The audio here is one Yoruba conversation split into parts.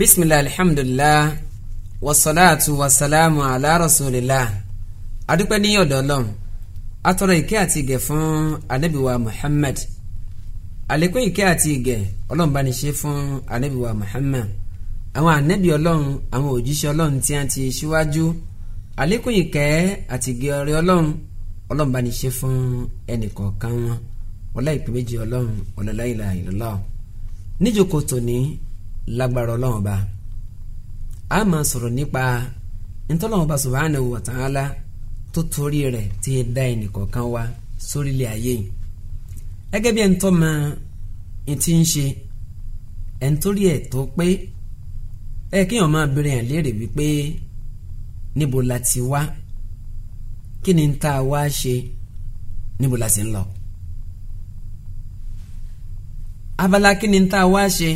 bisimilahi alihamdulilah wasalaatu wasalaamu ala rasulillah adúpẹ́ ní ọ̀dọ̀ Ọlọ́run atọrọ ìkẹ́ àti ìgẹ̀ fún anabiwa Muhammad àlékún ìkẹ́ àti ìgẹ̀ Ọlọ́run bá ní ṣe fún anabiwa Muhammad àwọn anabi Ọlọ́run àwọn òjíṣẹ́ Ọlọ́run tí a ti ṣíwájú àlékún ìkẹ́ àti ìgẹ̀ ọrẹ Ọlọ́run Ọlọ́run bá ní ṣe fún ẹnìkọ̀ọ̀kan wọn ọlá ìpè méjì Ọlọ́run ọlọlá ìlà ìlọlá níjókòó tòní lágbára ọlọ́run ọba a máa sọ̀rọ̀ nípa ntọ́lọ́run ọba subhanahu wa ta'ala tó torí rẹ̀ tí ẹ dá ẹnìkọ̀ọ̀kan wá sórílẹ̀ ayé yìí gẹ́gẹ́ bí ẹ̀ńtọ́ máa ń ti ń ṣe ẹ̀ńtórí ẹ̀ tó pé ẹ kéèyàn máa bèrè hàn léèrè wípé níbo la ti wá kí ni tá a wá ṣe níbo la sì ń lọ abala kí ni tá wá ṣe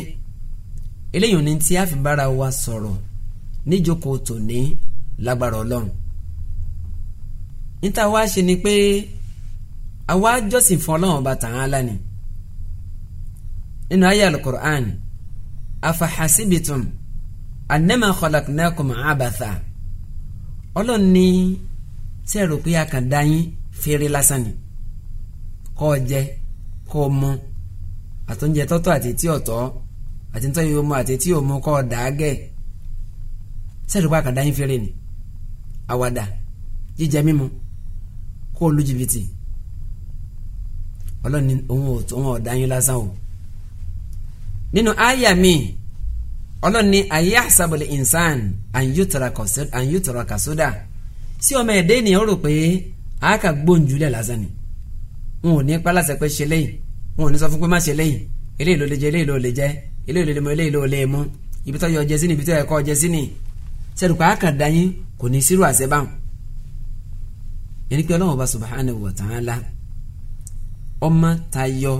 eléyìí ni tí a fi bára wa sọ̀rọ̀ níjókòó tòní lágbára ọlọ́run níta wá ṣe ni pé àwa jọ́sìn fún ọlọ́run ọba tàn án lánìí nínú ayé alukur'an afahasibitum anama khalaqnakum abatha ọlọ́run ní tí ẹ rò pé a kàn dá yín fèrè lásán ni kọ́ ọ jẹ kọ́ ọ mọ àtúnjẹ tọ́tọ́ àti tí ọ̀tọ́ àti ntọ́ yìí ó mu àti tí ó mu kọ́ dàágẹ́ sẹ́ẹ̀dù pa àkàndá yín fẹ́rẹ̀ ni àwàdà jíjẹ mímu kó o lu jìbìtì ọlọ́ni òun ọ̀dà yín lásán o nínú àyà mi ọlọ́ni ayé àṣàbọ̀lẹ̀ ìnsán àyùtọ̀rọ̀ kàsódà sí ọmọ ẹ̀dẹ́ ènìyàn rò pé àáka gbóǹjúlẹ̀ lásán ni wọn ò ní pa láṣẹ pé ṣe lẹ́yìn wọn ò ní sọ fún pé má ṣe eléyìí ló lè jẹ eléyìí ló lè jẹ eléyìí lè mọ eléyìí ló lè mú ibi tó yọ ọjẹ sí ni ibi tó yẹ kọ ọjẹ sí ni sẹ́dùpá àkàndá yín kò ní sírù àṣẹ báwọn. ẹni pé ọlọ́run ọba subhanahu wa ta'ala ọmọ tayọ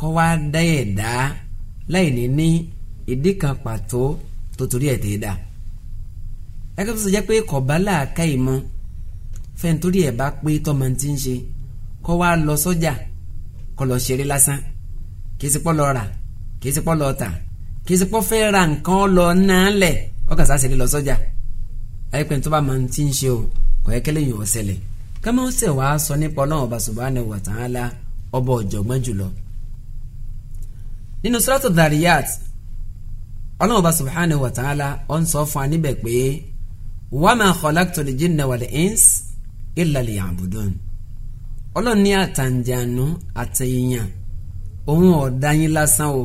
kọ́ wá dá ẹ̀ dá láì ní ní ìdí kan pàtó tó torí ẹ̀ tẹ́ dá. ẹgbẹ́ tó sọ jẹ́ pé kọ̀ọ̀bá làákà ìmọ̀ fẹ́ntorí ẹ̀ bá pé tọ́mọ ti ń ṣe kọ́ wá lọ sọ́jà kọ́ lọ ṣeré lásán kí ẹ pọ́ lọ rà kì í ṣe pọ́ lọ tà kì í ṣe pọ́ fẹ́ ra nǹkan lọ náà lẹ̀ ọkàn sáà ṣẹlẹ̀ lọ sọ́jà ayípẹ́ tó bá máa ti ń ṣe o kò yẹ kẹ́lẹ́ yìí ò ṣẹlẹ̀ kẹ́mọ́ ó ṣẹ̀ wàá sọ nípa ọlọ́run ọba subhanahu wa ta'ala ọba ọ̀jọ̀gbọ́n jùlọ. nínú suratu dhariyat ọlọ́run ọba subhanahu wa ta'ala ó ń sọ fún wa níbẹ̀ pé wa ma khalaqtul jinna wal ins illa liya'budun ọlọ́run ní àtàǹjànú àtẹ̀yìn òun ọ̀dá yín lásán o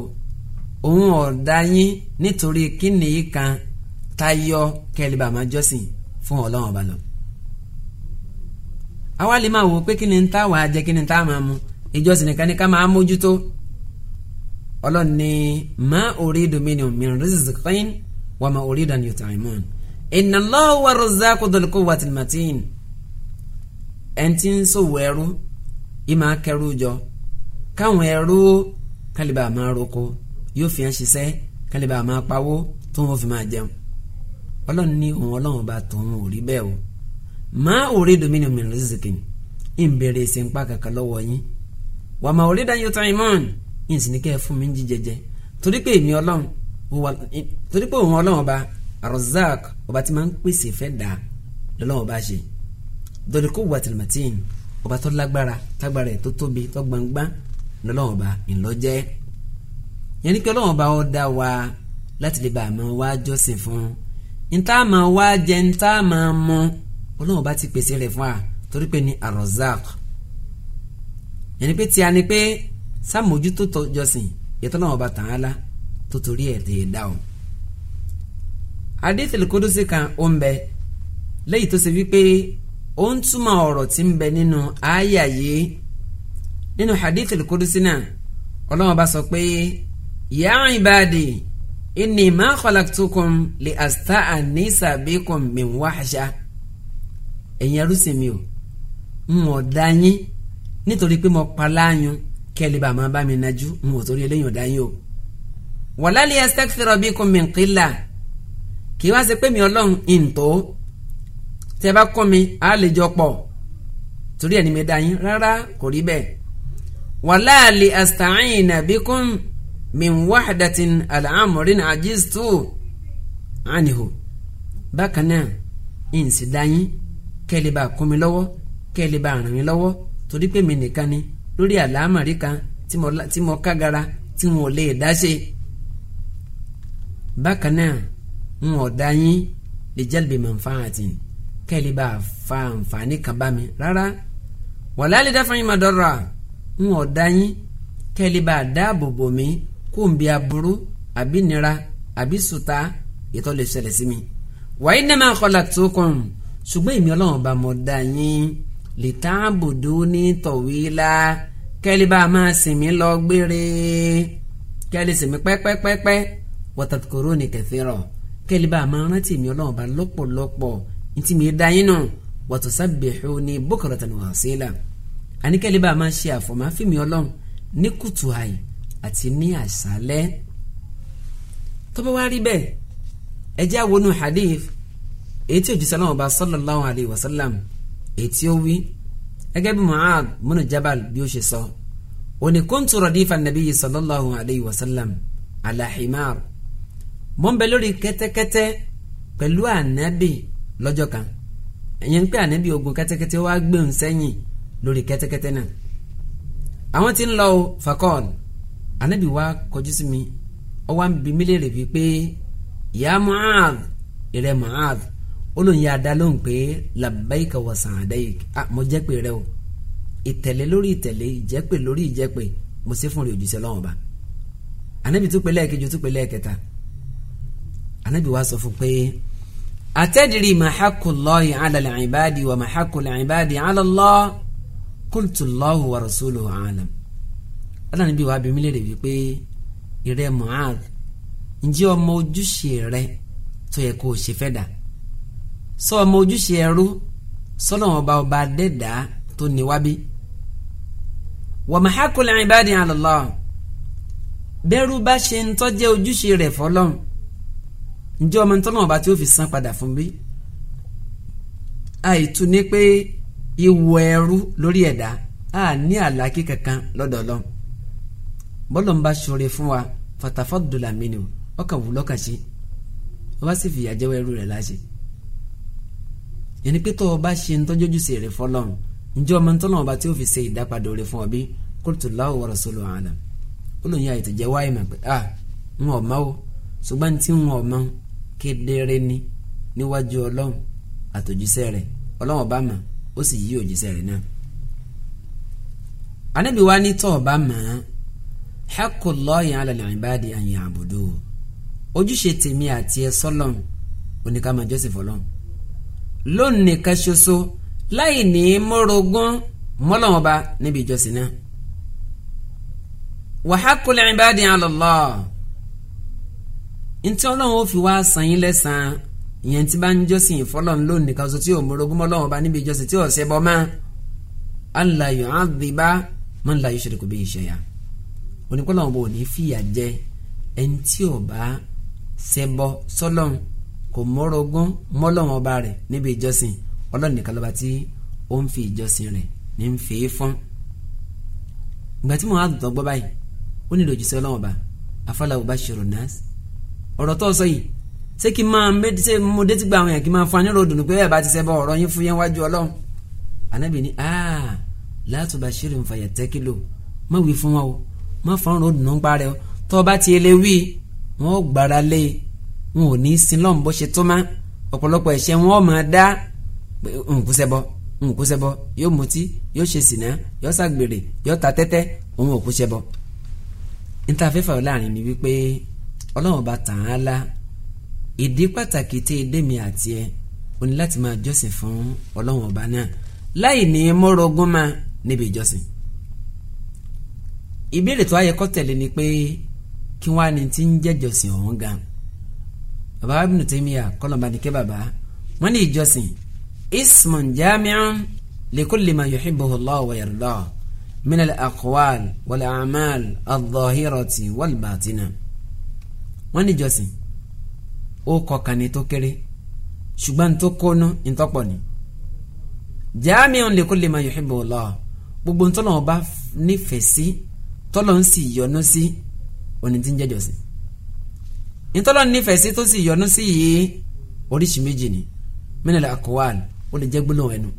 òun ọ̀dà yín nítorí kíni kan tayọ kẹlẹ́bà máa jọ́sìn fún ọlọ́run ọba lọ. àwa lè máa wò pé kíni ń táwọn ajẹ kíni ń táwọn máa mu ìjọsìn nìkan ni ká máa mójútó ọlọ́run ni má uridu minhum min rizqin wa má uridu an yut'imun inna Allaha huwa razzaqu dhul quwwatil matin ẹntì ń sòwò ẹrú ìmọ̀ akẹ́rù jọ káwọn ẹrú kálíbà máa roko yóò fi hàn ṣiṣẹ́ kálí bá a máa pawó tó wọn fi máa jẹun ọlọ́run ní òun ọlọ́run bá tòun ò rí bẹ́ẹ̀ o má òré domínio mi rìsìkì ń bèrè ìsìnpá kankan lọ́wọ́ yín wà má òré dáyọ̀ tán imọ́n yín sì ní kẹ́ ẹ fún mi ń jí jẹjẹ torí pé èmi ọlọ́run torí pé òun ọlọ́run ọba ar ọba tí máa ń pèsè fẹ́ dà lọ́lọ́run ọba ṣe dọ̀dọ̀kọ̀ wà tìlùmọ̀tì ọba tó lágbára tágbára ẹ̀ tó tóbi tó gbangba lọ́lọ́run ọba ńlọ́jẹ́ yẹn ni pé ọlọ́run bá ọ dá wa láti lè bá a máa wá jọ́sìn fún un níta máa wá jẹ níta máa mọ ọlọ́run bá ti pèsè rẹ̀ fún wa torí pé ní arozak yẹn ni pé tí a ni pé sàmójútó jọ́sìn yẹtọ́ náà ọba tàn án la tó torí ẹ̀ lè dá o. adéfèlè kódósì kan ó ń bẹ lẹ́yìn tó ṣe wípé ó ń túmọ̀ ọ̀rọ̀ tí ń bẹ nínú àyà yìí nínú adéfèlè kódósì náà ọlọ́run bá sọ pé ya ibadi inni ma khalaqtukum li asta'anisa bikum min wahsha ẹ̀yin arúsìn mi o n ò dá yín nítorí pé mo pa láàyùn kẹ́lẹ́ bá máa bá mi nájú n ò torí eléyìí ò dá yín o wala li astakthira bikum min qilla kì í wá ṣe pé mi ọlọ́run ìǹtó tí bá kọ́ mi á lè jọ pọ̀ torí ẹ̀ mi dá yín rárá kò rí bẹ́ẹ̀ wala li asta'ina bikum min wahdatin al'amurin ajiztu anihu bákan náà ìǹsì dáyín kẹ́lẹ́ bá kún mi lọ́wọ́ kẹ́lẹ́ bá ràn mí lọ́wọ́ torí pé mi nìkan ni lórí àlámọ̀rí kan tí mo kágara tí wọn ò lè dá ṣe bákan náà ń ọ̀dá yín lè jẹ́lẹ̀bẹ̀ mọ̀ nfa àti kẹ́lẹ́ fa àǹfààní kan bá mi rárá wàlá dáfẹ́ yín máa dọ́rọ̀ à ń ọ̀dá yín kẹ́lẹ́ dáàbò bò mí kó n bí aburú àbí nira àbí sùtá ìtọ́ lè ṣẹlẹ̀ sí mi. wàyí nàmà kọlà tó kàn ṣùgbọ́n èmi ọlọ́run bá mọ̀ dá yín lè tá a bòdó ní tọ̀wéélá kẹ́lí bá a máa sìn mí lọ gbére kẹ́lí sìn mí pẹ́pẹ́pẹ́pẹ́ wọ́tàkùrú ni kẹfẹ́ rọ̀ kẹ́lí bá a máa rántí èmi ọlọ́run bá lọ́pọ̀lọpọ̀ ntí mi dá yín nù wọ́tò sábẹ̀hó ni bukratan wa asila àníkẹ́lí bá a máa ṣe àfọ̀mọ́ fíìmù ọlọ́run ní kùtù àyè àti ní àṣálẹ́ tó bá wá rí bẹ́ẹ̀ ẹ jẹ́ àwọn hadith ètí òjíṣẹ́ náà ọba sallallahu alayhi wa sallam ètí ó wí gẹ́gẹ́ bí Mu'adh múnú jabal bí ó ṣe sọ òní kuntu radifa nabiyyi sallallahu alayhi wa sallam ala himar mọ́ ń bẹ lórí kẹ́tẹ́kẹ́tẹ́ pẹ̀lú ànábì lọ́jọ́ kan ẹ̀yẹn ń pẹ́ ànábì ogun kẹ́tẹ́kẹ́tẹ́ wá gbẹ̀hùn sẹ́yìn lórí kẹ́tẹ́kẹ́tẹ́ náà àwọn tí ń lọ fakọ́ọ̀lù anabi wa kọjú sí mi ó wá ń bi mí léèrè bíi pé ya Mu'adh ìrẹ Mu'adh olóyin adá ló ń pè labbaika wa sa'daik à mo jẹ́ pé rẹ o ìtẹ̀lé lórí ìtẹ̀lé ìjẹ́pè lórí ìjẹ́pè mo ṣe fún rẹ òjúṣe lọ́wọ́ ba anabi tún pè lẹ́ẹ̀kejì tún pè lẹ́ẹ̀kẹta anabi wa sọ fún pé atadiri mahakullahi ala ibadi wa mahakullahi ala Allah qultu Allahu wa rasuluhu a'lam ọlọ́run bí wàá bí mi lè rè wípé ìrẹ́ Mu'adh ǹjẹ́ ọmọ ojúṣe rẹ tó yẹ kó o ṣe fẹ́ dà sọ ọmọ ojúṣe ẹrú sọlọ́wọ́n ọba ọba dẹ́dà tó ní wábí wa mahakul ibadi ala Allah bẹ́rù bá ṣe ń tọ́jẹ́ ojúṣe rẹ̀ fọlọ́run ǹjẹ́ ọmọ ntọ́nà ọba tí ó fi san padà fún bí àìtú ni pé ìwọ ẹrú lórí ẹ̀dá a àlàkí kankan lọ́dọ̀ bọ́lọ̀ ń bá ṣoore fún wa fatafọ́dùlà mínú ọkàn wù lọ́kàn sí wọ́n bá sì fìyà jẹ́wọ́ ẹrú rẹ̀ láṣẹ. yẹnni pé tó o bá ṣe ntọ́jọ́jú sí rẹ̀ fọlọ́run njẹ́ ọmọ ntọ́nà ọba tí ó fi ṣe ìdápadà rẹ̀ fún ọ bí kóòtù láwọ̀ wọ̀rọ̀ sólò àná olóyìn àyètò jẹ́ wáyé mà pé a ah, ń ọ̀ma o ṣùgbọ́n tí ń ọ̀ma kedere ni níwájú ọlọ́run àtòjíṣẹ́ rẹ̀ ọlọ́run ọba mà ó sì yí òjíṣẹ́ rẹ̀ náà. anábìwá ní tọ́ ọba mà á haqqullahi ala al-ibadi an ya'buduhu ojúṣe tèmi àti ẹ sọ́lọ́n oníkàmá joseph ọlọ́n lónìí nìkan ṣoṣo láì ní mọ́rọ̀gún mọ́lọ́wọ́n bá níbi ìjọsìn náà wa haqqul ibadi ala Allah ntí ọlọ́run ó fi wá san yín lẹ́sàn-án ìyẹn tí bá ń jọ́sìn ìfọlọ́run lónìí nìkan ṣoṣo tí ò mọ́rọ̀gún mọ́lọ́wọ́n níbi ìjọsìn tí ò ṣẹbọ mọ́ Allah yu'adhiba man la yushriku bihi shay'an onípọ́nà ọba ò ní fìyà jẹ ẹni tí ò bá ṣẹbọ sọ́lọ́run kò mọ́rọ̀gún mọ́lọ́run ọba rẹ̀ níbi ìjọsìn ọlọ́run nìkan lọ́ba tí ó ń fi ìjọsìn rẹ̀ ní ń fèé fún. ìgbà tí mo á dùn gbọ́ báyìí ó nílò òjì sí ọlọ́run ọba afọlá ọba ṣòro náà ọ̀rọ̀ tó sọ yìí ṣé kí n máa mo dé ti gba àwọn yẹn kí n máa fún anírò dùnú pé ẹ bá ti ṣẹbọ ọ̀rọ̀ yín fún yẹn wájú ọlọ́run ànábì ní aaa látùbà ṣírí nfàyà tẹ́kìlò má wí fún wọn o má fọ́nrún òdùnnú ń parẹ́ o tó o bá ti ele wí wọn ò gbára lé e wọn ò ní í sin lọ́n bó ṣe tó má ọ̀pọ̀lọpọ̀ ẹ̀ṣẹ̀ wọn ò máa dá nkúsẹ́bọ nkúsẹ́bọ yóò mutí yóò ṣe sìnà yóò ṣàgbèrè yóò ta tẹ́tẹ́ òun ò kúsẹ́bọ. níta fífà láàrin ni wípé ọlọ́run bá tàn án la ìdí pàtàkì tí èdè mi àti ẹ o ní láti máa jọ́sìn fún ọlọ́run ọba náà láì ní mọ́rọ̀ọ́gún máa níbi ìjọsìn ìbéèrè tó ayẹ kọ́ tẹ̀lé ni pé kí wọ́n á ní ti ń jẹ́jọsìn ọ̀hún gan baba Ibnu Taymiya kọlọmbanike baba wọ́n ní ìjọsìn ismun jami'un likulli ma yuhibbuhu Allah wa yardah min al-aqwal wal-a'mal adh-dhahirati wal wọ́n ní ìjọsìn ó kọkàn ní tó kéré ṣùgbọ́n tó kónú ìtọ́pọ̀ ni jami'un likulli ma yuhibbuhu Allah gbogbo ntọ́nà ọba nífẹ̀ẹ́ sí. Si tọ́lọ́ ń sì yọ́nú sí òní tí ń jẹ́jọ́ sí ìtọ́lọ́ nífẹ̀ẹ́ sí tó sì yọ́nú sí yìí oríṣi méjì ni mẹ́nìlá àkọ́wàl ó lè jẹ́ gbólóhùn ẹnu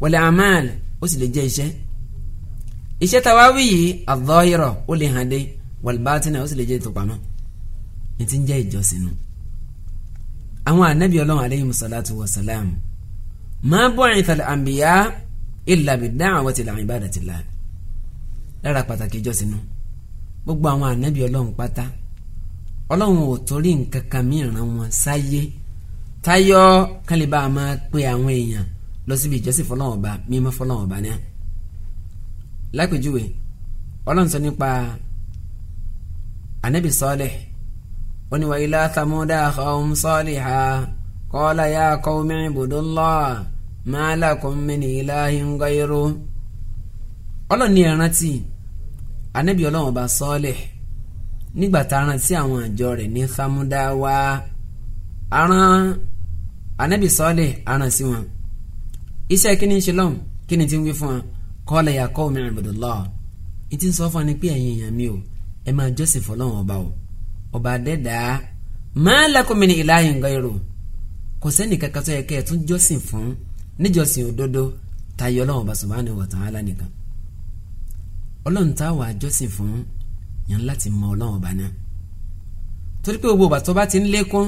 wọlé amal ó sì lè jẹ́ iṣẹ́ iṣẹ́ tàwa wí yìí àdọ́yọ̀rọ̀ ó lè hàn dé wàlbátínà ó sì lè jẹ́ ìtòpamọ́ ní ti ń jẹ́ ìjọsìn nù àwọn ànábì ọlọ́run aleyhi musalatu wa salam máa bọ́ àyìnfàlẹ̀ àmbìyá lára pàtàkì ìjọsìn nu gbogbo àwọn ànábì ọlọ́run pátá ọlọ́run ò torí nǹkan kan mìíràn wọn sáyé táyọ̀ kálíbà máa pe àwọn èèyàn lọ síbi ìjọsìn fọlọ́run ọba mímọ́ fọlọ́run ọba náà lápèjúwe ọlọ́run sọ nípa ànábì sọ́ọ̀lẹ̀ ó ní wa ila thamuda akhahum saliha qala ya qawmi ibudullaha ma lakum min ilahin ghayruh ọlọ́ni ẹ̀rántí anabi ọlọ́wọ́n bá sọ́ọ́lẹ̀ nígbà tá a rántí àwọn àjọ rẹ̀ ní sámúdáwá aràn anabi sọ́ọ́lẹ̀ aràn sí wọn iṣẹ́ kí ni ń ṣe lọ́hùn kí ni ti ń wí fún wa kọ́lẹ̀ yà kọ́ mi ibudullah ìtì ń sọ fún wa ni pé ẹ̀yin èèyàn mi o ẹ máa jọ́sìn fọlọ́wọ́n ọba o ọba adẹ́dàá máa lakum min ilahin ghayru kò sẹ́ni kankan tó yẹ kẹ́ ẹ tún jọ́sìn fún níjọ́sìn òdodo tayọ Ọlọ́hun Ọba subhanahu wa ta'ala nìkan ọlọ́run tá a wà jọ́sìn fún yẹn láti mọ ọlọ́run ọba náà torí pé gbogbo ọba tó bá ti ń lékún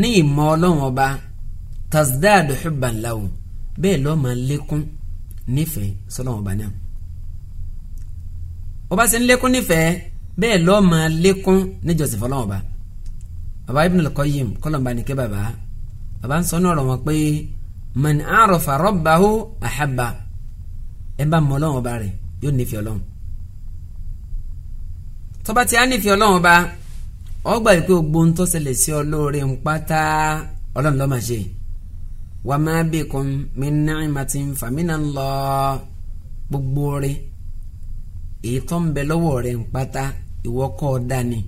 ní ìmọ̀ ọlọ́run ọba tazdad hubban lahu bẹ́ẹ̀ lọ́ọ́ máa lékún nífẹ̀ẹ́ sọlọ́run ọba náà ọba ti ń lékún nífẹ̀ẹ́ bẹ́ẹ̀ lọ́ọ́ máa lékún níjọ́sìn fọlọ́run ọba baba Ibn al-Qayyim kọ́lọ́mbà ní kí baba baba ń sọ ọ̀rọ̀ wọn pé man arafa rabbahu ahabba ẹ bá mọ ọlọ́run ọba rẹ̀ yóò nífẹ̀ẹ́ ọlọ́run tọ́ba tí a nífẹ̀ẹ́ ọlọ́run gba ọgbà yìí pé gbogbo ń tó ṣẹlẹ̀ sí ọlọ́ọ̀rẹ́ ń pátá ọlọ́run lọ́ọ́ ṣe wà má bikum min ni'matin gbogbo rẹ èyí tó ń bẹ lọ́wọ́ rẹ ń pátá kọ́ ọ dání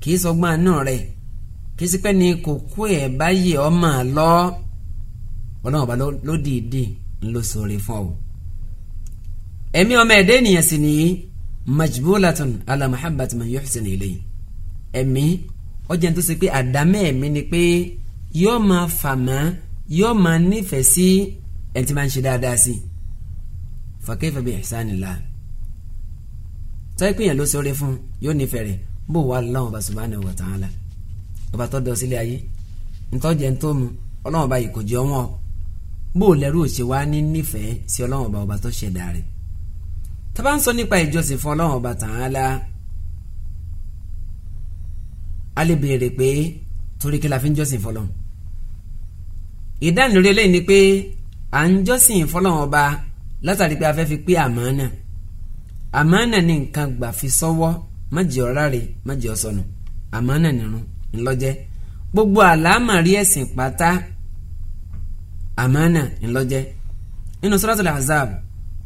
kì í sọgbọ́n àánú rẹ ọ máa lọ ọlọ́run ọba ló dìídì ńlọsọ̀rẹ́ fún ọ ẹ̀mí ọmọ ẹ̀dẹ́ majbulatun ala muhabbati man yuhsin ilayhi ẹ̀mí ọjà tó ṣe pé àdámẹ́ ẹ̀mí ni pé yóò máa fàmà yóò máa nífẹ̀ẹ́ sí ẹni máa ń ṣe dáadáa sí fa kayfa bi ihsanillah tọ́yẹ́ pé yẹn ló sọ̀rọ̀ fún yóò nífẹ̀ẹ́ rẹ̀ bó wà láwọn ọba subhanahu wa ta'ala ọba tó dọ̀ sílé ayé ntọ́jẹ́ ń tó mu ọlọ́wọ́n ọba yìí kò jẹ́ wọn bó lẹ́rú òṣèwá ní nífẹ̀ẹ́ sí ọlọ́wọ́n ọba ọba tó ṣẹ̀dá rẹ̀ tá a bá ń sọ nípa ìjọsìn fún ọlọ́run ọba Ta'ala a lè béèrè pé torí kí la fi ń jọsìn fọlọ́run ìdánilórí eléyìí ni pé à ń jọsìn fọlọ́run ọba látàrí pé a fẹ́ fi pé àmánà àmánà ni nǹkan gbà fi sọ́wọ́ má jẹ́ ọ̀rá rè má jẹ́ ọ̀sọ̀nù àmánà nìrun ńlọ́jẹ́ gbogbo àlámàrí ẹ̀sìn pátá àmánà ńlọ́jẹ́ nínú Suratul Ahzab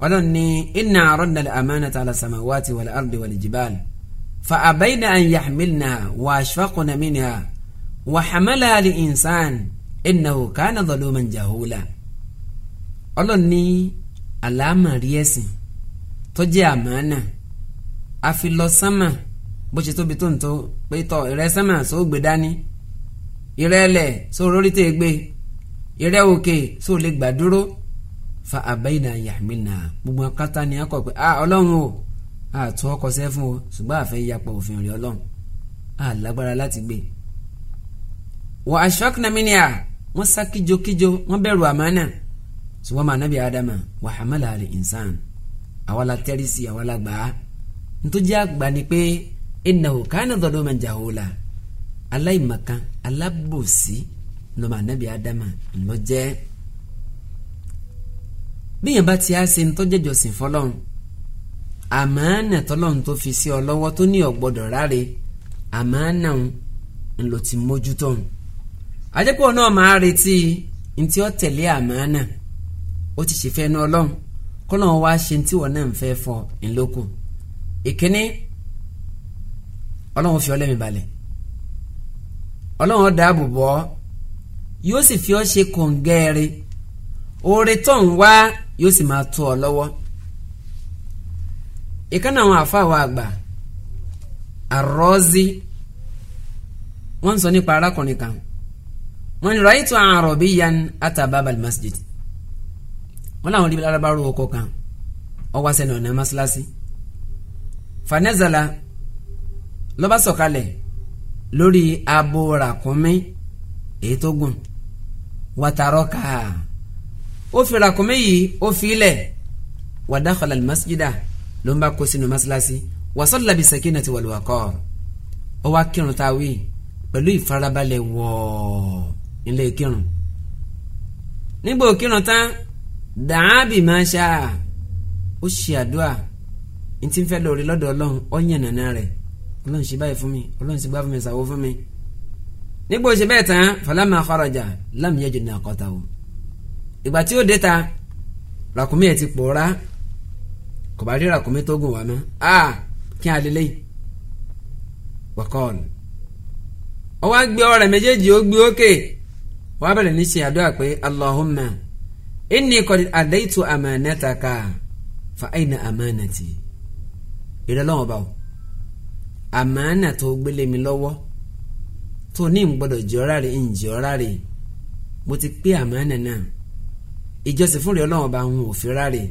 ọlọ́run ní inna aradna al-amanata ala samawati wal ardi wal jibal fa abayna an yahmilnaha wa ashfaqna minha wa hamalaha al-insan innahu kana zaluman jahula ọlọ́run ní àlámọ̀rí ẹ̀sìn tó jẹ́ àmánà àfi lọ sánmà bó ṣe tóbi tó ń tó pé tọ ìrẹ sánmà gbé dání ìrẹ ẹlẹ̀ sóò gbé ìrẹ òkè sóò lè gbà dúró fa abayna yahmilna gbogbo akátá ni akọ pé a ah, ọlọ́run o àtún ọkọ sẹ́ fún o ṣùgbọ́n àfẹ́ yapa òfin rẹ̀ ọlọ́run a lágbára láti gbé. wọ́n aṣọ́kùnà mi ni à wọ́n sá kíjokíjo wọ́n bẹ̀rù àmánà ṣùgbọ́n màá nábì ádámà wà hàmàlà àlè ìnsàn àwa la tẹ́rì sí àwa la gbà ntọ́jú àgbà ni pé innahu kana zaluman jahula aláìmọ̀kan alábòsí lọ́mọ ànábì ádámà lọ́jẹ́ bíyàn bá ti á ṣe ń tọ́jẹ́ jọ̀sìn fọlọ́run àmàánà tọ́lọ́run tó fi sí ọ lọ́wọ́ tó ní ọ̀gbọ́dọ̀ ráre àmàánà ń lò ti mójútó ń. àjẹpọ̀ náà máa retí ntí ọ tẹ̀lé àmàánà ó ti ṣèfẹ́ ní ọlọ́run kọ́nà wá ṣe ntí wọn náà ń fẹ́ fọ ńlọ́kù. ìkíní ọlọ́run fi ọlẹ́mi balẹ̀ ọlọ́run dáàbò bò yóò sì fi ọ ṣe kòǹgẹ́rẹ́ oore tó ń wá yóò sì máa tó ọ lọ́wọ́ ìkànnì àwọn àfáàwọ̀ àgbà àrọ́ọ́zí wọ́n ń sọ nípa arákùnrin kan wọ́n ní ràìtù àròbí yan atababal masjid wọ́n làwọn rí arábárò oko kan ọwọ́ sẹ́nu ọ̀nà mọ́ṣáláṣí fanẹ́zàlà lọ́ba sọ̀kalẹ̀ lórí abo ràkúnmí èyí tó gùn wàtàrọ́ kàá ó fi ràkúnmí yìí ó fi ilẹ̀ wàdàkọ̀lá masjida ló ń bá kó sínú masilasi wàsọ́lá bí sakina ti wàlúwà kọ́ ọ wá kírun tá a wí pẹ̀lú ìfarabalẹ̀ wọ̀ọ́ nílé kírun nígbà òkírun tán dàábì máa ṣá ó ṣe àdúrà ní tí ń fẹ́ lórí lọ́dọ̀ ọlọ́run ó yàn nàná rẹ̀ ọlọ́run ṣe báyìí fún mi ọlọ́run ṣe bá mi ṣàwó fún mi nígbà òṣèbẹ́ẹ̀ tán falamma kharaja lam yajid naqatahu ìgbà tí ó dé ta ràkúnmí ẹ̀ ti pòórá kò bá rí ràkúnmí tó gùn wá mọ́ a kí á lélẹ́yìn wọ́kọ́ọ̀nù ó wá gbé ọ̀rẹ́ méjèèjì ó gbé òkè wá bẹ̀rẹ̀ ní ṣe àdúrà pé Allahumma inni qad adaitu amanataka fa aina amanati ìrẹ́lọ́wọ́n báwo àmàánà tó gbélé mi lọ́wọ́ tó ní ìgbọ́dọ̀ jẹ́ ọ́rá rẹ̀ ń jẹ́ ọ́rá mo ti pé àmàánà náà ìjọsìn fún ìrẹ́ ọlọ́run ọba àwọn òfin ráre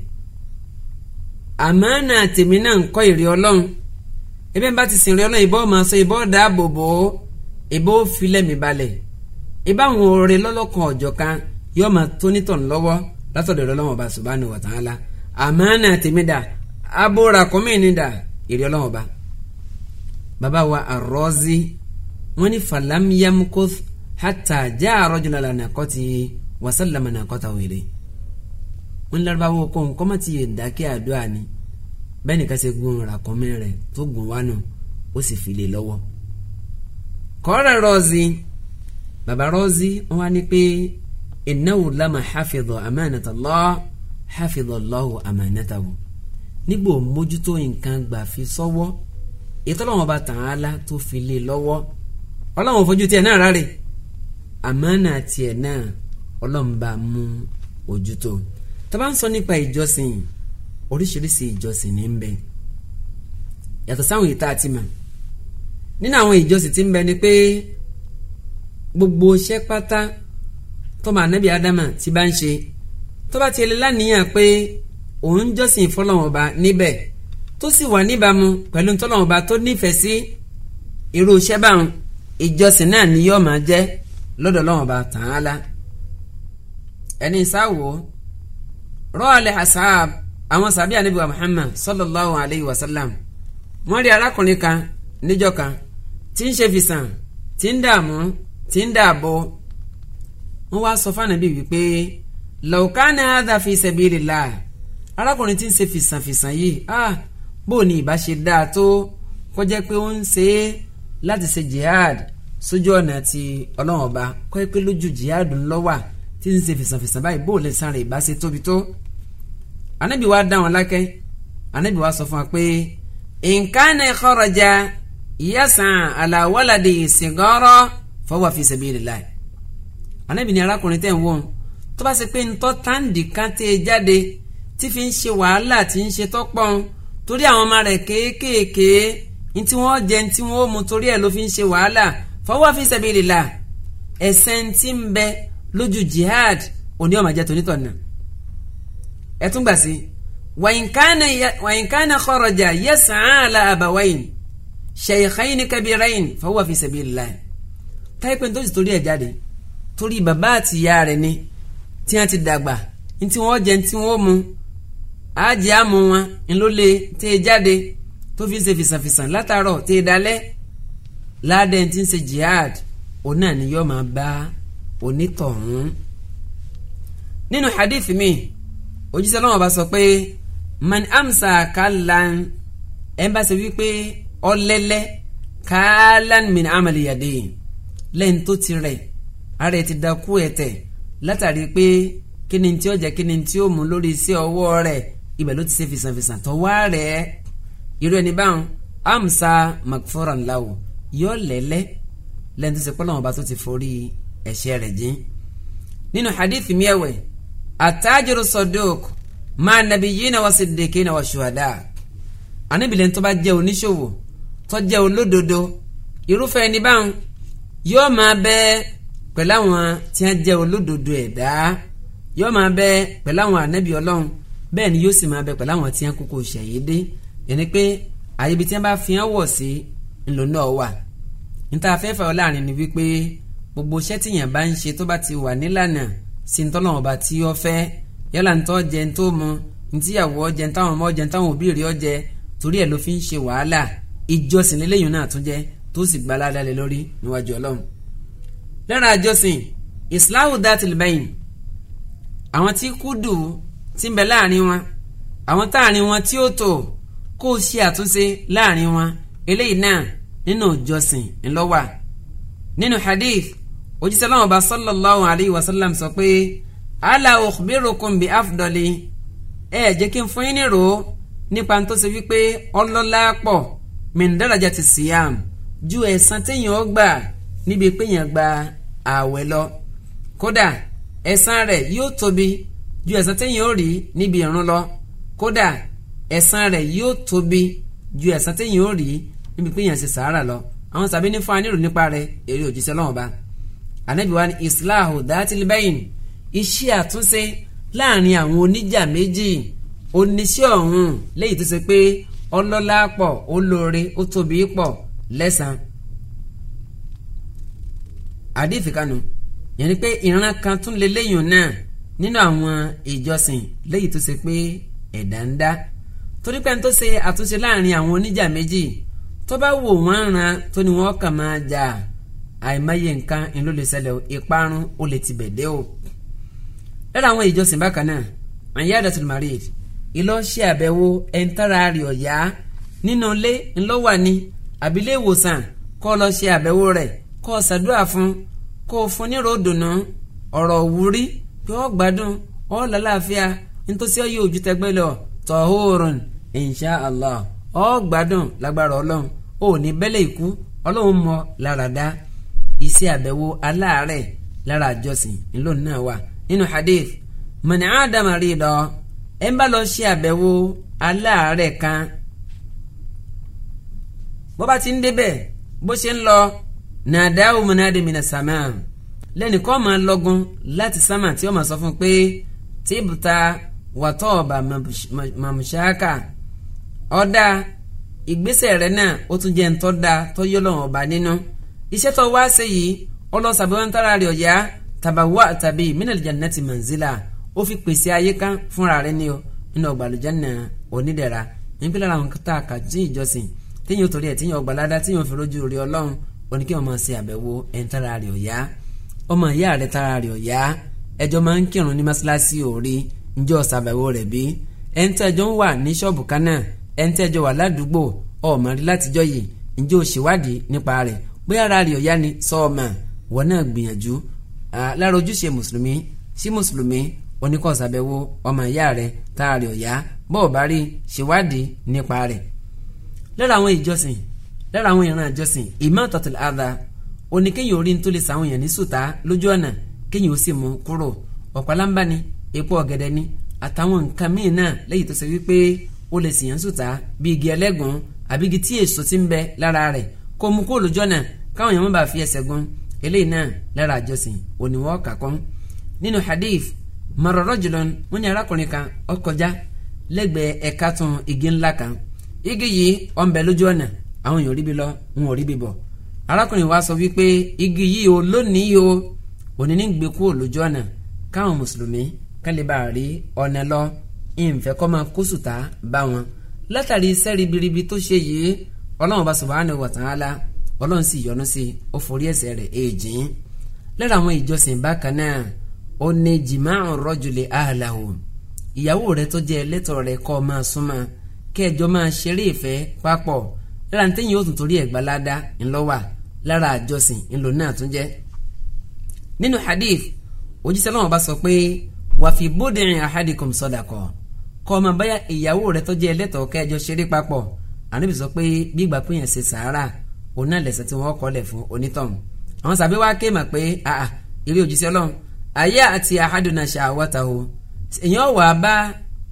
àmọ́ náà tèmi náà ń kọ́ ìrẹ́ ọlọ́run ebi ń bá ti sìn ìrẹ́ ọlọ́run ìbọn máa sọ ìbọn dáàbò bò ó ìbọn òfilẹ̀ mi balẹ̀ ìbáwọn oore lọ́lọ́kan ọ̀jọ̀kan yóò máa tó nítàn lọ́wọ́ látọ̀dọ̀ ìrẹ́ ọlọ́run ọba subhanahu wa ta'ala àmọ́ náà tèmi dà abóra kọ́mí ni dà ìrẹ́ ọlọ́run ọba bàbá wa àrọ́ọ́sí wọ́n ní falam yamkoth hata jẹ́ àrọ́jùlá lànà kọ́tì wasalama nà kọ́tà wèrè wọn lárúbáwá ọkọ nǹkan mọ̀ ti yẹ dákẹ́ àdúrà ni bẹ́ẹ̀ nìkan ṣe gun ràkọ́mí rẹ̀ tó gùn wá nù ó sì fi lè lọ́wọ́. kọ́rẹ́ rọ́ọ̀zì bàbá rọ́ọ̀zì wọn wá ní pé ìnáwó lámà hafidọ̀ amánàtàlọ́ hafidọ̀ lọ́wọ́ amánàtàwọ̀ nígbò mójútó nǹkan gbà fi sọ́wọ́ ìtọ́lọ́wọ́n bá tàn án lá tó fi lè lọ́wọ́ ọlọ́wọ́n fojú tiẹ̀ náà rárẹ̀ amánà tiẹ̀ náà ọlọ́mbà mú ojútó tá bá ń sọ nípa ìjọsìn oríṣiríṣi ìjọsìn ní ń bẹ yàtọ̀ sáwọn ìta àti mà nínú àwọn ìjọsìn tí ń bẹ ni pé gbogbo iṣẹ́ pátá tọ́mọ ànábì ádámà ti bá ń ṣe tó bá ti lè láníyàn pé òun jọ́sìn fọlọ́wọ́n níbẹ̀ tó sì wà níbàámu pẹ̀lú tọ́lọ́wọ́n tó nífẹ̀ẹ́ sí irú iṣẹ́ báwọn ìjọsìn náà ni yóò máa jẹ́ lọ́dọ̀ lọ́wọ́n tààlà ẹni sáwọ́ rọ́ọ̀lẹ̀ asab àwọn sàbí anabi wa muhammad sallallahu alayhi wa sallam wọ́n rí arákùnrin kan níjọ́ kan tí ń ṣe fìsàn tí ń dààmú tí ń dààbọ̀ wọ́n wá sọ fún anabi wípé lọ́ọ̀kánà hadha fi sabilillah arákùnrin tí ń ṣe fìsàn fìsàn yìí ah bó ni ìbá ṣe dáa tó kó jẹ́ pé ó ń ṣe é láti ṣe jihad sójú ọ̀nà ti ọlọ́run ọba kó jẹ́ pé lójú jihad ńlọ́wà tí ń ṣe fìsàn fìsàn báyìí bó lè sáré ìbá ṣe tóbi tó. Bito anabi wa dá wọn lákẹ́ anabi wa sọ fún wa pé nǹkan náà kharaja yasan ala waladi sigara fawa fi sabilillah anabi ni arákùnrin tẹ̀ ń wọ̀n tó bá ṣe pé ntọ́ táǹdì kan tẹ̀ jáde tí fi ń ṣe wàhálà tí ń ṣe tọ́pọ̀n torí àwọn ọmọ rẹ̀ kéékèèké ntí wọ́n jẹ ntí wọ́n mu torí ẹ̀ ló fi ń ṣe wàhálà fawa fi sabilillah ẹ̀sẹ̀ ntí ń bẹ lójú jihad òní ọ̀màjẹ́ tonítọ̀nà ẹ tún gbà sí wàyínkánà kọ́rọ̀jà yẹ́sàn án la àbáwáyìn ṣèyíkáyìn ní kabirayin fọwọ́ fi sabilillah táìpẹ́ tó ti torí ẹ̀ jáde torí bàbá àti ìyá rẹ̀ ni tí wọ́n ti dàgbà ntí wọ́n jẹ ntí wọ́n mu àjẹ́ àmú wọn ńlọ́lẹ̀ tẹ́ ẹ jáde tó fi ń ṣe fìsànfìsàn látàárọ̀ tẹ́ ẹ dalẹ́ ládẹ́ ti ń ṣe jihad òun náà ni yóò máa bá onítọ̀hún nínú hadith mi òjíṣẹ́ ọlọ́wọ́n bá sọ pé man amsa kalan ẹ̀ ń bá ṣe wípé ọlẹ́lẹ́ kàlàn min amali lẹ́yìn tó ti rẹ̀ ara ẹ̀ ti da kú ẹ̀tẹ̀ látàrí pé kíni tí ó jẹ́ kíni tí ó mú lórí iṣẹ́ ọwọ́ rẹ̀ ibẹ̀ ló ti ṣe fìsànfìsàn tó wá rẹ̀ irú ẹni báwọn amsa makforan lawo yọ lẹ́lẹ́ lẹ́yìn tó ṣe pé ọlọ́wọ́n bá tó ti forí ẹ̀ṣẹ̀ rẹ̀ jìn nínú hadith miẹ̀wẹ̀ àtàjìrò sọdọk máa nàbí yìí náà wá sí dèké náà wá ṣùwádà ànábìlẹ̀ tó bá jẹ́ oníṣòwò tó jẹ́ olódodo irúfẹ́ ẹni báwọn yóò máa bẹ pẹ̀lú àwọn tí wọ́n jẹ́ olódodo ẹ̀dá yóò máa bẹ pẹ̀lú àwọn ànábì ọlọ́run bẹ́ẹ̀ ni yóò sì máa bẹ pẹ̀lú àwọn tí wọ́n kúkú ṣẹ̀yìn dé ni pé àyè ibi tí wọ́n bá fi hàn wọ̀ sí ńlò náà níta afẹ́fẹ́ ọláàrin ni wípé gbogbo iṣẹ́ tíyàn bá ń ṣe tó bá ti wà nílànà sí ntọ́nà ọba tí ó fẹ́ yálà ntọ́ jẹ ntó mu ntíyàwó ọjẹ ntáwọn ọmọ ọjẹ ntáwọn òbí rí ọjẹ torí ẹ̀ ló fi ń ṣe wàhálà ìjọsìn lélẹ́yìn náà tún jẹ́ tó sì gba aládàlẹ̀ lórí níwájú ọlọ́run. lára àjọsìn islahu datil bayn àwọn tí kúdù ti ń bẹ láàrin wọn àwọn táàrin wọn tí ó tò kó o ṣe àtúnṣe láàrin wọn eléyìí náà nínú ìjọsìn ńlọ́wà nínú hadith òjíṣẹ́ láwọn ọba sallallahu alayhi wa sallam sọ pé ala ukhbirukum bi afdali ẹ jẹ́ kí n fún yín nírò nípa tó ṣe wípé ọlọ́lá pọ̀ min darajati siyam ju ẹ̀san téèyàn ó gbà níbi péyàn gba ààwẹ̀ lọ kódà ẹ̀san rẹ̀ yóò tóbi ju ẹ̀san téèyàn rí níbi ìrun lọ kódà ẹ̀san rẹ̀ yóò tóbi ju ẹ̀san téèyàn rí níbi péyàn ṣe sàárà lọ àwọn sàbí ní fún anírò nípa rẹ̀ èrè òjíṣẹ́ lọ́wọ́ bá anabi wa islahu dátìlì bẹ́yìn iṣẹ́ àtúnṣe láàrin àwọn oníjà méjì oníṣẹ́ ọ̀hún léyìí tó ṣe pé ọlọ́lá pọ̀ olóore ó tóbi pọ̀ lẹ́sàn-án. àdìfì kanu yẹn ni pé ìran kan tún lè léyìn náà nínú àwọn ìjọsìn léyìí tó ṣe pé ẹ̀dá ń dá torí pé n tó ṣe àtúnṣe láàrin àwọn oníjà méjì tó bá wò wọ́n ran tó ni wọ́n kàn máa jà. Ja àìmọye nǹkan ń ló lè ṣẹlẹ̀ o ìparun ó lè ti bẹ̀ dé o. lára àwọn ìjọsìn bákan náà àyà àdàtúndì marid ìlọ ṣe àbẹ̀wò ẹ̀ńtàrà rẹ̀ ọ̀yá nínú ilé ńlọ́wà ni àbílẹ̀ ìwòsàn kó lọ ṣe àbẹ̀wò rẹ̀ kó ṣàdúrà fún kó fún ní ròdùnú ọ̀rọ̀ òwúrí pé ó gbádùn ó lálàáfíà nítòsí ọyẹ ojú tẹgbẹ́ lọ tọ̀hóòrùn insha Allah ó gbádùn lágbára ọlọ́run ò ní bẹ́lẹ̀ ikú ọlọ́run mọ lára isi abẹwo alaare lara ajọsin nlon naa wa ninu hadith mani adama riidɔ ɛnba lɔ si abɛwo alaare kan bɔba ti n debɛ bó na n lɔ nadawo manade mina samaa lati sama tí o ma sɔ fún pé tibuta watɔɔba mamusaka ɔda ìgbésɛ rɛ náà ó tún jɛ ntɔ da tɔ yɔlɔ ɔba iṣẹ́ tó wá ṣe yìí ọlọ́sàbẹ̀wọ̀n tára rẹ̀ ọ̀yá tàbáwá tàbí minal jannati manzila ó fi pèsè ayé kan fúnra rẹ̀ ní o nínú ọgbà àlùjánnà onídẹ̀ra níbi lára àwọn tá a kà jí ìjọsìn téèyàn torí ẹ̀ téèyàn ọgbà ládá téèyàn fi rójú rí ọlọ́run oníkí ọmọ ṣe àbẹ̀wò ẹni tára rẹ̀ ọ̀yá ọmọ ìyá rẹ̀ tára rẹ̀ ọ̀yá ẹjọ́ máa ń kírun ní mọ́ṣáláṣí òòrí njọ́ ṣàbẹ̀wò rẹ̀ bí ẹni tẹ́jọ́ ń wà ní ṣọ́ọ̀bù kan náà ẹni tẹ́jọ́ wà ládùúgbò ọ̀mọ̀rí látijọ́ yìí njọ́ ṣèwádìí nípa rẹ̀ bóyá ara rẹ̀ ọ̀yá ni sọ ọmọ wọn náà gbìyànjú lára ojúṣe mùsùlùmí sí mùsùlùmí oníkọ̀ọ́sàbẹ̀wò ọmọ ìyá rẹ̀ tá a rẹ̀ ọ̀yá bọ́ọ̀ bá rí ṣèwádìí nípa rẹ̀. lára àwọn ìjọsìn lára àwọn ìran ìjọsìn ìmọ̀ tọ̀tìlá àdá oníkéyìn orí tó lè sàwọn èèyàn ní sùtá lójú ọ̀nà kéyìn ó sì mú kúrò ọ̀pálámbá ni epo ọ̀gẹ̀dẹ̀ ni àtàwọn nǹkan míì náà lẹ́yìn tó ṣe wípé ó lè sìyàn sùtá bí igi ẹlẹ́gùn àbí igi tí èso ti ń bẹ lára rẹ̀ kó mu kó lójọ́ náà káwọn èèyàn bá fi ẹsẹ̀ gun eléyìí náà lára àjọsìn òní wọ́n nínú hadith mọ̀rọ̀rọ̀ jùlọ wọ́n ní arákùnrin kan ó kọjá lẹ́gbẹ̀ẹ́ ẹ̀ka tún igi ńlá kan igi yìí ó ń bẹ lójú ọ̀nà àwọn èèyàn ò rí bi lọ wọn ò rí bi bọ̀ arákùnrin wa sọ wípé igi yìí o lónìí o òní ní gbé kúrò lójú ọ̀nà káwọn mùsùlùmí ká lè bá rí ọ̀nà lọ ìǹfẹ́ kọ́ máa kó sùtá bá wọn látàrí iṣẹ́ ribiribi tó ṣe yìí ọlọ́run bá subhanahu wa ta'ala ọlọ́run sì yọ́nú sí ó forí ẹ̀ṣẹ̀ rẹ̀ èjìn lára àwọn ìjọsìn bákan náà ó ní jima'u rajuli ahlahu ìyàwó rẹ̀ tó jẹ́ ẹlẹ́tọ̀ rẹ̀ kó máa súnmọ́ kẹjọ máa ṣeré ìfẹ́ papọ̀ lára ntẹ́yìn òtún torí ẹ̀gbá ńlọ́wà lára àjọsìn ńlò náà tún jẹ́ nínú hadith òjíṣẹ́ ọlọ́run bá sọ pé wàfi bóde rìn ahadikum sọdakọ kó máa báyà ìyàwó rẹ̀ tó jẹ́ ẹlẹ́tọ̀ kẹjọ ṣeré ànábì sọ pé gbígbà pé yẹn ṣe sàárà òun náà lẹ̀sẹ̀ tí wọ́n kọ́lẹ̀ fún onítọ̀hún àwọn sàbí wa kéèmà pé àà eré òjíṣẹ́ ọlọ́run ayé àti àhádùn àṣà àwọ̀tà o èèyàn wà á bá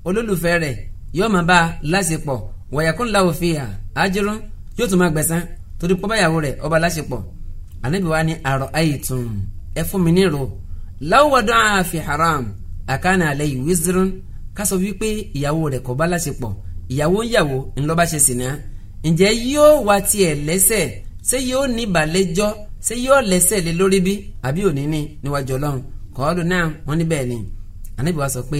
olólùfẹ́ rẹ̀ yóò máa bá a láṣepọ̀ wọ̀yàkùn láwọ̀ fi hà ájúrún yóò tún máa gbẹ̀san torí pọ́báyàwó rẹ̀ ọba láṣepọ̀ ànábì wa ni àrọ̀ ayé tún ẹ fún mi níro láwùwádùn àfi haram àkànnà àlẹ́ yìí wíṣírún ká sọ wípé ìyàwó rẹ̀ ìyàwó ń yàwó ńlọ́ba ṣe sì náà ǹjẹ́ yóò wá tiẹ̀ lẹ́sẹ̀ ṣé yóò ní ìbàlẹ́jọ́ ṣé yóò lẹ́sẹ̀ lé lórí bí àbí òní ni níwájú ọlọ́run kọ́ọ̀lù náà wọ́n ní bẹ́ẹ̀ ni ànábì wa sọ pé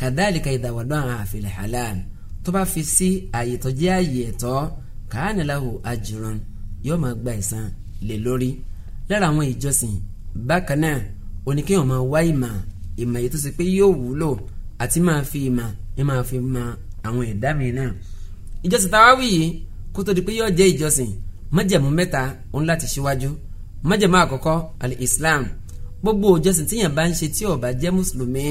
kàdáàlìkà ìdàwọ̀dọ́ àwọn àfilẹ̀ halal tó bá fi sí àyè tó jẹ́ àyè ẹ̀tọ́ káàníláhù àjùrán yóò máa gba ìsan lé lórí lára àwọn ìjọsìn bákan náà oníkéèyàn àwọn ẹ̀dá mìíràn ìjọsìn táwa wí yìí kó tó di pé yóò jẹ́ ìjọsìn májẹ̀mú mẹ́ta òun láti ṣíwájú májẹ̀mú àkọ́kọ́ al-Islam gbogbo ìjọsìn tíyàn bá ń ṣe tí ó bá jẹ́ mùsùlùmí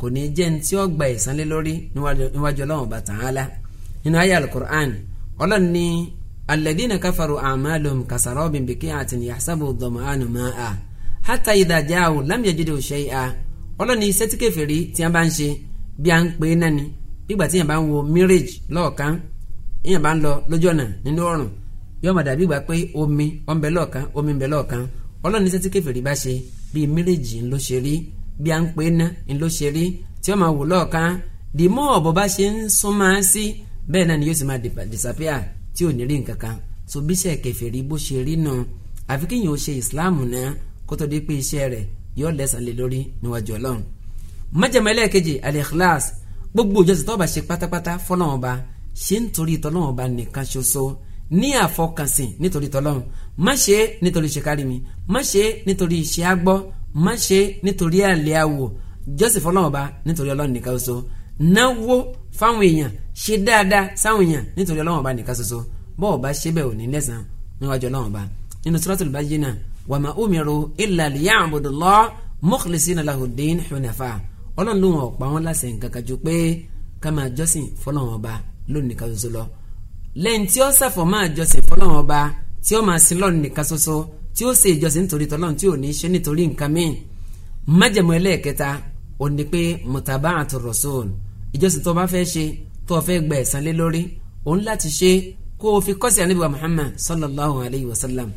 kò ní jẹ́ ní tí ó gba ìsanlé lórí níwájú ọlọ́run bàtà ńlá nínú ayé al-Qur'an ọlọ́run ní alladhina kafaru a'maluhum kasarabin biqi'atin yahsabuhu dhama'anu ma'an hatta idha ja'ahu lam yajidu shay'an ọlọ́run ní iṣẹ́ tí kèfèrí tí wọ́n bá ń ṣe bí à ń pè é náà ni gbígbà tí yẹn bá ń wo mirage lọ́ọ̀kan yẹn bá ń lọ lójú ọ̀nà nínú ọ̀rùn yóò máa dàbí ìgbà pé omi ọ̀n bẹ lọ́ọ̀kan omi ń bẹ lọ́ọ̀kan ọlọ́run iṣẹ́ tí kèfèrí bá ṣe bíi mirage ńlọ ṣe rí bí à ń pè ná ńlọ ṣe rí tí ó máa wò lọ́ọ̀kan the more ọ̀bọ̀ bá ṣe ń sún máa sí bẹ́ẹ̀ náà ni yóò sì máa disappear tí ò ní rí nǹkan kan so bíṣẹ̀ kèfèrí bó ṣe rí náà àfi kéèyàn ó ṣe gbogbo ìjọsìn tó bá ṣe pátápátá fọlọ́run ọba ṣe nítorí tọ́lọ́run ọba nìkan ṣoṣo ní àfọkànsìn nítorí tọ́lọ́run má ṣe nítorí ṣe kárí mi má ṣe nítorí ṣe àgbọ́ má ṣe nítorí àlẹ́ àwò jọ́sìn fọlọ́run ọba nítorí ọlọ́run nìkan ṣoṣo náwó fáwọn èèyàn ṣe dáadáa sáwọn èèyàn nítorí ọlọ́run ọba nìkan ṣoṣo bọ́ọ̀ bá ṣe bẹ́ẹ̀ ò ní lẹ́san níwájú ọlọ́run ọba nínú ọlọ́run ló wọn ọ̀pá wọn láṣẹ nǹkan kan ju pé ká máa jọ́sìn fọlọ́wọn ọba lónìí kan ṣoṣo lọ lẹ́yìn tí ó ṣàfọ̀ máa jọ́sìn fọlọ́wọn ọba tí ó máa sin lọ́nìí kan ṣoṣo tí ó ṣe ìjọsìn nítorí tọ́lọ́run tí ò ní ṣe nítorí nǹkan míì májẹ̀mú ẹlẹ́ẹ̀kẹta ò ní pé mùtàbá àtọ̀rọ̀sọ̀n ìjọsìn tó bá fẹ́ ṣe tó o fẹ́ gba ẹ̀san lé lórí òun láti ṣe kó o fi kọ́sí ànábìwá Muhammad sallallahu alayhi wa sallam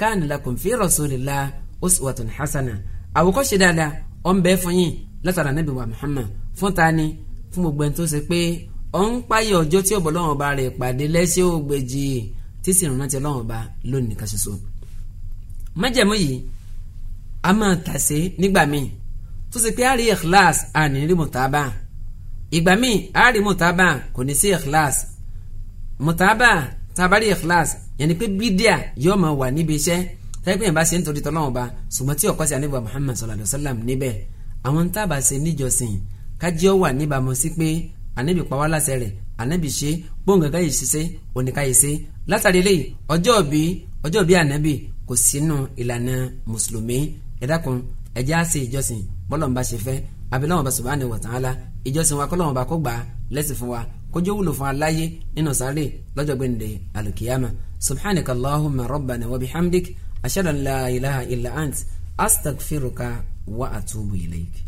kana lakum fi rasulillah uswatun hasana àwòkọ́ṣe dáadáa ó ń látara ànábì wa Muhammad fún ta ni fún gbogbo ẹni tó ṣe pé ọ ń páyà ọjọ́ tí ọ̀bọ̀ lọ́wọ́n ba rẹ̀ pàdé lẹ́sẹ̀ ògbèjì tí sì rántí lọ́wọ́n ba lónìí kan ṣoṣo. májẹ̀mú yìí a máa tàsé nígbà míì tó ṣe pé a rí ikhlas a ní rí mutaba ìgbà míì a rí mutaba kò ní sí ikhlas mutaba tabari ikhlas yẹn ni pé bídíà yóò máa wà níbi iṣẹ́ tẹ́gbẹ́ yẹn bá ṣe nítorí tọ́lọ́wọ́n ba ṣùgbọ́n tí ọ̀kọ́ sí anábìwá Muhammad sallallahu alayhi wa sallam níbẹ̀ àwọn tábà ṣe níjọsìn kájí ọ wà níbàámu sí pé ànábì pa wá láṣẹ rẹ̀ ànábì ṣe gbóǹgàn káyè ṣiṣẹ́ oníkáyè ṣe látàrí eléyìí ọjọ́ bí ọjọ́ bí ànábì kò sínú ìlànà mùsùlùmí ẹ dákun ẹ jẹ́ á ṣe ìjọsìn bọ́lọ́run bá ṣe fẹ́ abilọ́wọ̀n bá subhanahu wa ta'ala ìjọsìn wa kọ́lọ́wọ̀n bá kó gbà á lẹ́sìn fún wa kójú wúlò fún aláyé nínú sáré lọ́jọ́ gbẹ̀ǹde alùkìyàmà subhanaka allahumma rabbana wa bihamdik ashhadu an la ilaha illa ant astaghfiruka وأتوب إليك